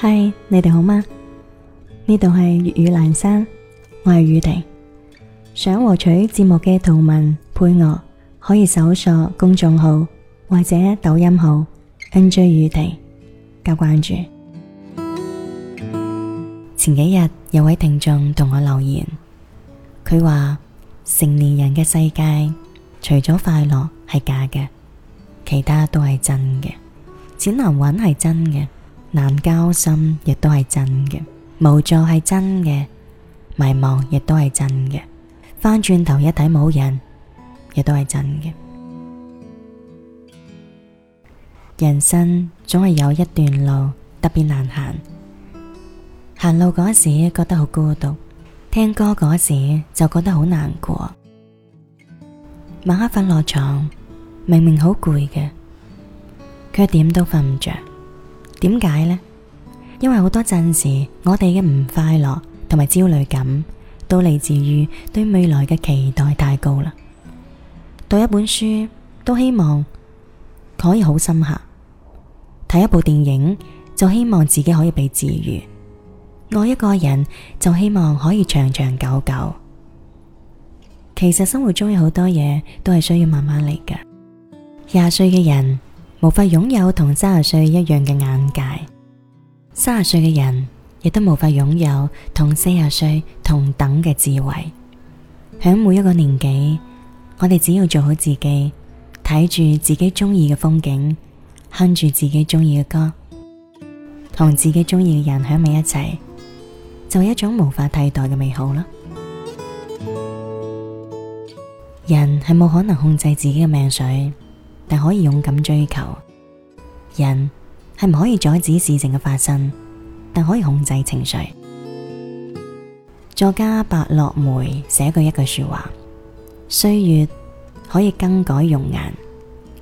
嗨，Hi, 你哋好嗎？呢度係粵語闌珊，我係宇婷。想獲取節目嘅圖文配樂，可以搜索公眾號或者抖音號 NJ 宇婷加關注。前幾日有位聽眾同我留言，佢話成年人嘅世界，除咗快樂係假嘅，其他都係真嘅，錢難搵係真嘅。難交心亦都係真嘅，無助係真嘅，迷茫亦都係真嘅。翻轉頭一睇，冇人，亦都係真嘅。人生總係有一段路特別難行，行路嗰時覺得好孤獨，聽歌嗰時就覺得好難過。晚黑瞓落床，明明好攰嘅，卻點都瞓唔着。點解呢？因為好多陣時，我哋嘅唔快樂同埋焦慮感，都嚟自於對未來嘅期待太高啦。讀一本書都希望可以好深刻，睇一部電影就希望自己可以被治愈，愛一個人就希望可以長長久久。其實生活中有好多嘢都係需要慢慢嚟嘅。廿歲嘅人。無法擁有同三十歲一樣嘅眼界，三十歲嘅人亦都無法擁有同四十歲同等嘅智慧。喺每一個年紀，我哋只要做好自己，睇住自己中意嘅風景，哼住自己中意嘅歌，同自己中意嘅人喺埋一齊，就係一種無法替代嘅美好咯，人係冇可能控制自己嘅命水。但可以勇敢追求。人係唔可以阻止事情嘅發生，但可以控制情緒。作家白落梅寫過一句說話：歲月可以更改容顏，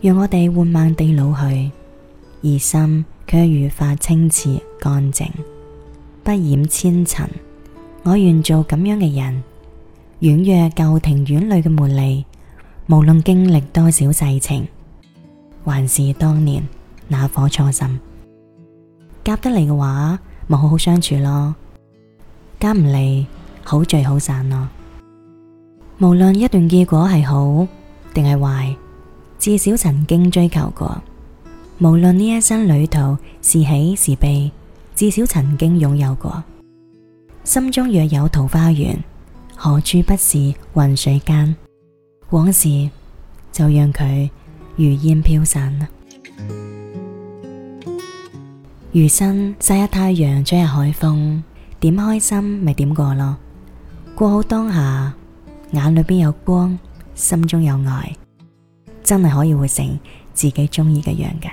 讓我哋緩慢地老去，而心卻愈發清澈乾淨，不染纖塵。我願做咁樣嘅人，宛若舊庭院裏嘅茉莉，無論經歷多少世情。還是當年那顆初心，夾得嚟嘅話，咪好好相處咯；夾唔嚟，好聚好散咯。無論一段結果係好定係壞，至少曾經追求過；無論呢一生旅途是喜是悲，至少曾經擁有過。心中若有桃花源，何處不是雲水間？往事就讓佢。如煙飄散啦，餘生曬下太陽，吹下海風，點開心咪點過咯，過好當下，眼裏邊有光，心中有愛，真係可以活成自己鍾意嘅樣㗎。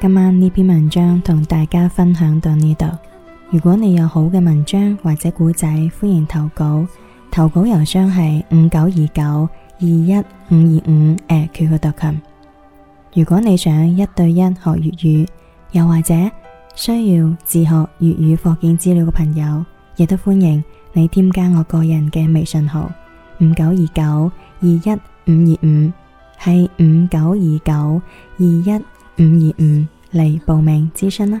今晚呢篇文章同大家分享到呢度。如果你有好嘅文章或者古仔，歡迎投稿。投稿郵箱係五九二九。二一五二五，誒，佢個抖音。如果你想一對一學粵語，又或者需要自學粵語課件資料嘅朋友，亦都歡迎你添加我個人嘅微信號五九二九二一五二五，係五九二九二一五二五嚟報名諮詢啦。